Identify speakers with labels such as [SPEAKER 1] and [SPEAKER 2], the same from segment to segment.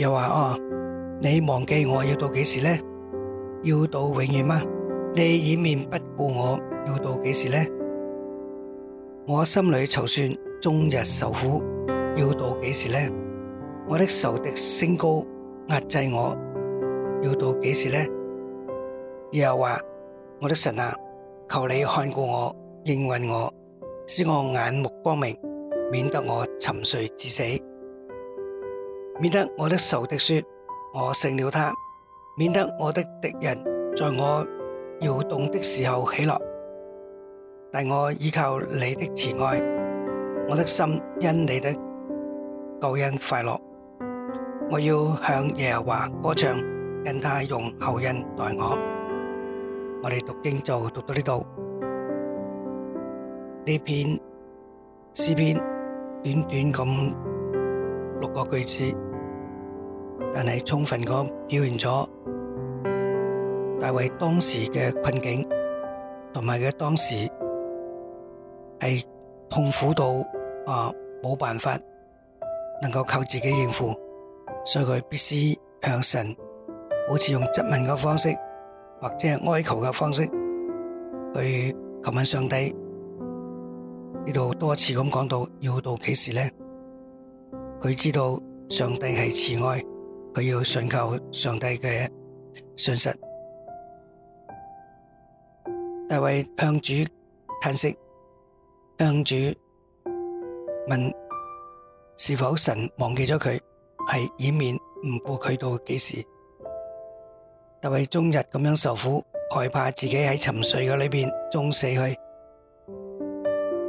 [SPEAKER 1] 又話哦，你忘記我要到幾時呢？要到永遠嗎？你掩面不顧我要到幾時呢？我心裏籌算，終日受苦，要到幾時呢？我的仇敵升高壓制我，要到幾時呢？又話我的神啊，求你看顧我，應允我，使我眼目光明，免得我沉睡至死。免得我的仇敵說我勝了他，免得我的敵人在我搖動的時候喜樂。但我倚靠你的慈愛，我的心因你的救恩快樂。我要向耶和華歌唱，因他用厚恩待我。我哋讀經就讀到呢度，呢篇詩篇短短咁六個句子。但係充分咁表現咗大衛當時嘅困境，同埋佢當時係痛苦到啊冇辦法能夠靠自己應付，所以佢必須向神，好似用質問嘅方式，或者係哀求嘅方式去求問上帝。呢度多次咁講到「要到幾時呢？」佢知道上帝係慈愛。佢要尋求上帝嘅信實，大衛向主嘆息，向主問是否神忘記咗佢，係掩面唔顧佢到幾時？大衛終日咁樣受苦，害怕自己喺沉睡嘅裏邊終死去，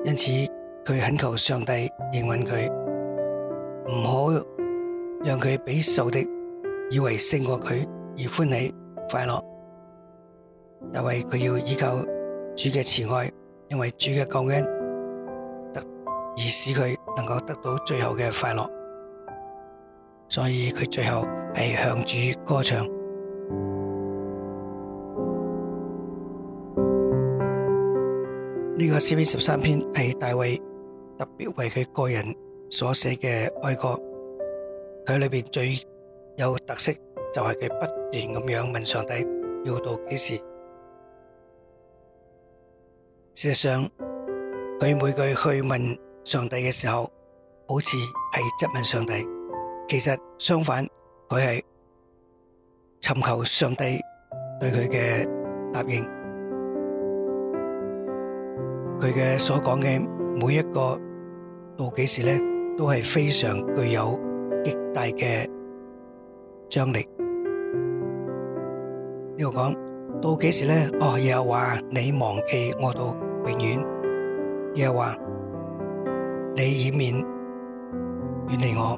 [SPEAKER 1] 因此佢懇求上帝應允佢，唔好讓佢俾仇敵。以為勝過佢而歡喜快樂，大衛佢要依靠主嘅慈愛，因為主嘅救恩，而使佢能夠得到最後嘅快樂，所以佢最後係向主歌唱。呢個詩篇十三篇係大衛特別為佢個人所寫嘅哀歌，佢裏邊最。有特色就係佢不斷咁樣問上帝要到幾時。事實上，佢每句去問上帝嘅時候，好似係質問上帝，其實相反，佢係尋求上帝對佢嘅答應。佢嘅所講嘅每一個到幾時咧，都係非常具有極大嘅。張力，呢度講到幾時呢？哦，又話你忘記我到永遠，又話你掩面遠離我，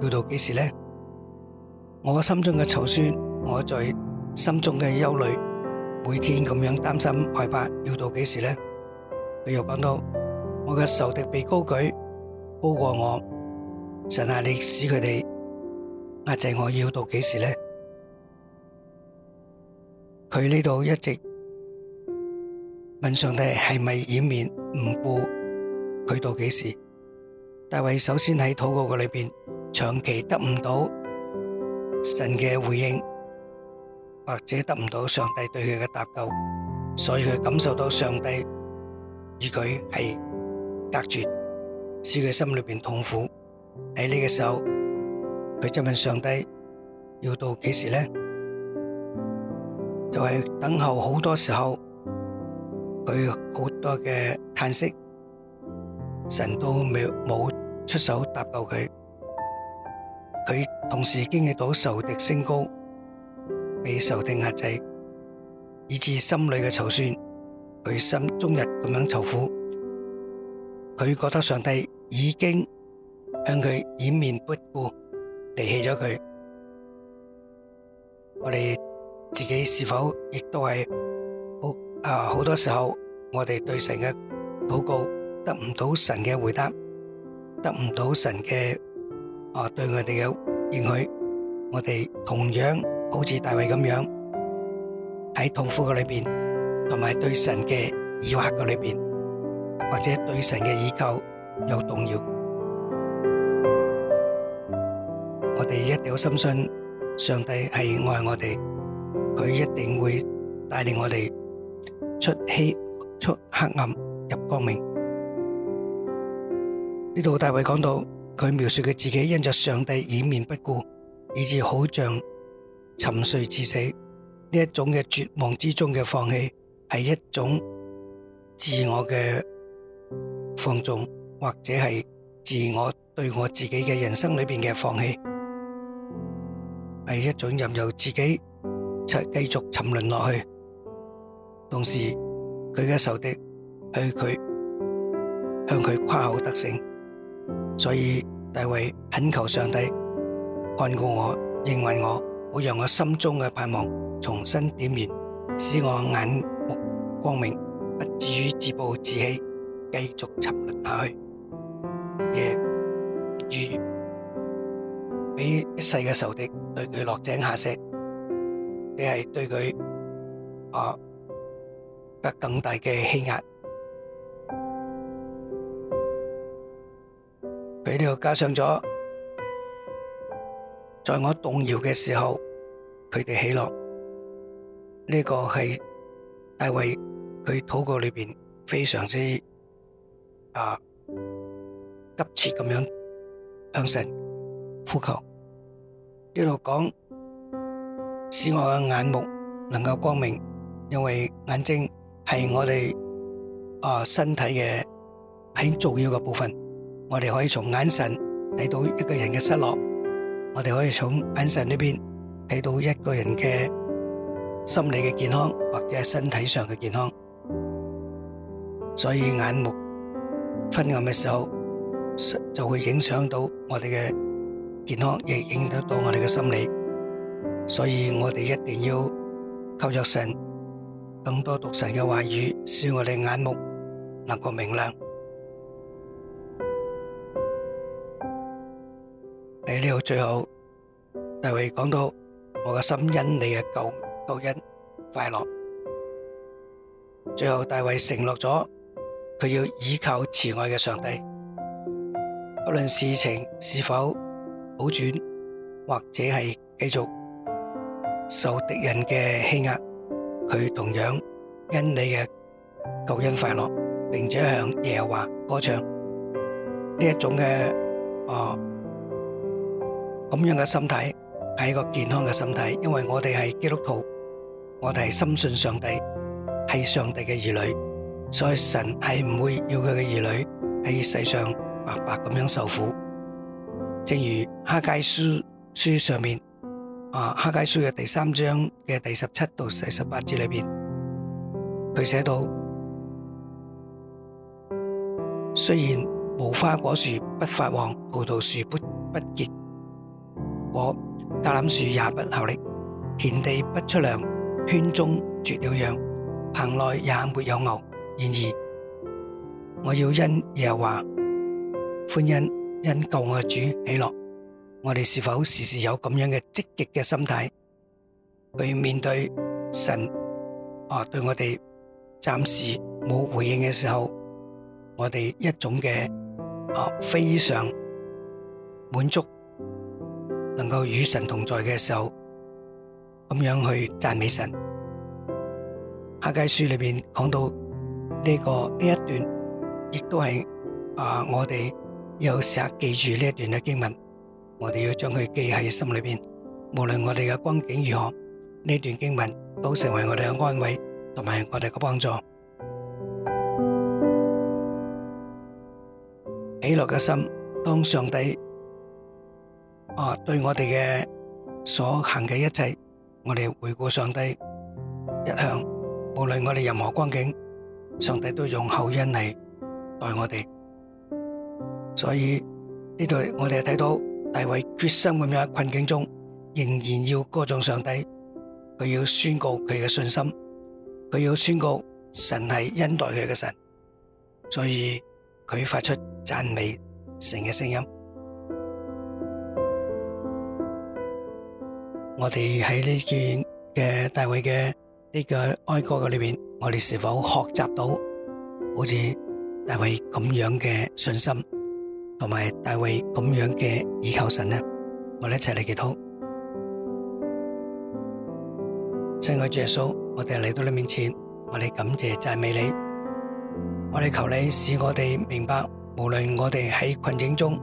[SPEAKER 1] 要到幾時呢？我心中嘅愁酸，我在心中嘅憂慮，每天咁樣擔心害怕，要到幾時呢？佢又講到我嘅仇敵被高舉高過我，神啊，你使佢哋。壓制我要到幾時呢？佢呢度一直問上帝係咪掩面唔顧佢到幾時？大衛首先喺禱告裏邊，長期得唔到神嘅回應，或者得唔到上帝對佢嘅搭救，所以佢感受到上帝與佢係隔絕，使佢心裏邊痛苦喺呢個時候。佢質問上帝要到幾時呢？就係等候好多時候，佢好多嘅嘆息，神都冇冇出手搭救佢。佢同時經歷到仇敵升高，被仇敵壓制，以致心裏嘅籌算，佢心終日咁樣愁苦。佢覺得上帝已經向佢掩面不顧。離棄咗佢，我哋自己是否亦都係好？啊，好多時候我哋對神嘅禱告得唔到神嘅回答，得唔到神嘅，啊，對我哋嘅應許，我哋同樣好似大衛咁樣喺痛苦嘅裏邊，同埋對神嘅疑惑嘅裏邊，或者對神嘅倚靠有動搖。我哋一定要深信上帝係愛我哋，佢一定會帶領我哋出希出黑暗入光明。呢度大衛講到，佢描述佢自己因着上帝掩面不顧，以致好像沉睡至死呢一種嘅絕望之中嘅放棄，係一種自我嘅放縱，或者係自我對我自己嘅人生裏邊嘅放棄。係一種任由自己繼續沉淪落去，同時佢嘅仇敵向佢向佢誇口得勝，所以大衛懇求上帝看顧我、應允我，好讓我心中嘅盼望重新點燃，使我眼目光明，不至於自暴自棄，繼續沉淪下去。俾一世嘅仇敵對佢落井下石，你係對佢啊加更大嘅欺壓。佢哋加上咗，在我動搖嘅時候，佢哋喜樂。呢個係大衛佢禱告裏邊非常之啊急切咁樣向神呼求。一路講，使我嘅眼目能夠光明，因為眼睛係我哋啊身體嘅很重要嘅部分。我哋可以從眼神睇到一個人嘅失落，我哋可以從眼神呢邊睇到一個人嘅心理嘅健康或者係身體上嘅健康。所以眼目昏暗嘅時候，就會影響到我哋嘅。健康亦影響到我哋嘅心理，所以我哋一定要靠著神，更多讀神嘅話語，使我哋眼目能夠明亮。喺呢度，最後，大衛講到我嘅心因你嘅救救恩快樂。最後，大衛承諾咗佢要倚靠慈愛嘅上帝，不論事情是否好轉，或者係繼續受敵人嘅欺壓，佢同樣因你嘅救恩快樂，並且向耶和華歌唱。呢一種嘅，啊咁樣嘅心態，係一個健康嘅心態。因為我哋係基督徒，我哋係深信上帝，係上帝嘅兒女，所以神係唔會要佢嘅兒女喺世上白白咁樣受苦。正如《哈該書》書上面，啊《哈該書》嘅第三章嘅第十七到四十八節裏邊，佢寫到：雖然無花果樹不發旺，葡萄樹不不結果，橄欖樹也不效力，田地不出糧，圈中絕了羊，棚內也沒有牛。然而，我要因耶和華歡欣。因救我主喜樂，我哋是否時時有咁樣嘅積極嘅心態去面對神？啊，對我哋暫時冇回應嘅時候，我哋一種嘅啊非常滿足，能夠與神同在嘅時候，咁樣去讚美神。《客雞書》裏邊講到呢個呢一段，亦都係啊我哋。要時刻記住呢一段嘅經文，我哋要將佢記喺心裏邊。無論我哋嘅光景如何，呢段經文都成為我哋嘅安慰同埋我哋嘅幫助。喜樂嘅心，當上帝啊對我哋嘅所行嘅一切，我哋回顧上帝一向，無論我哋任何光景，上帝都用厚恩嚟待我哋。所以呢度我哋睇到大衛決心咁樣喺困境中，仍然要歌頌上帝，佢要宣告佢嘅信心，佢要宣告神係恩待佢嘅神，所以佢發出讚美神嘅聲音。我哋喺呢件嘅大衛嘅呢個哀歌嘅裏邊，我哋是否學習到好似大衛咁樣嘅信心？同埋大衛咁樣嘅倚靠神呢？我哋一齊嚟祈禱。親愛主耶穌，我哋嚟到你面前，我哋感謝讚美你。我哋求你使我哋明白，無論我哋喺困境中，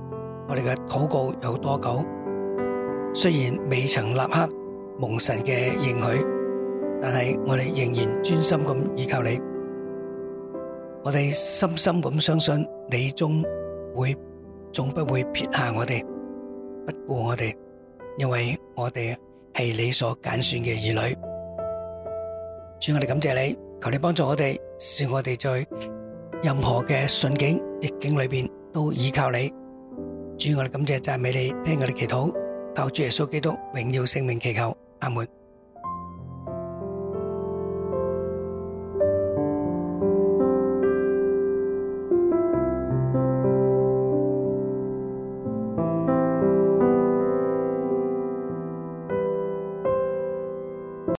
[SPEAKER 1] 我哋嘅禱告有多久，雖然未曾立刻蒙神嘅認許，但係我哋仍然專心咁依靠你。我哋深深咁相信，你終會。總不會撇下我哋，不顧我哋，因為我哋係你所揀選嘅兒女。主，我哋感謝你，求你幫助我哋，使我哋在任何嘅順境逆境裏邊都倚靠你。主，我哋感謝讚美你，聽我哋祈禱，靠主耶穌基督榮耀聖名，祈求阿門。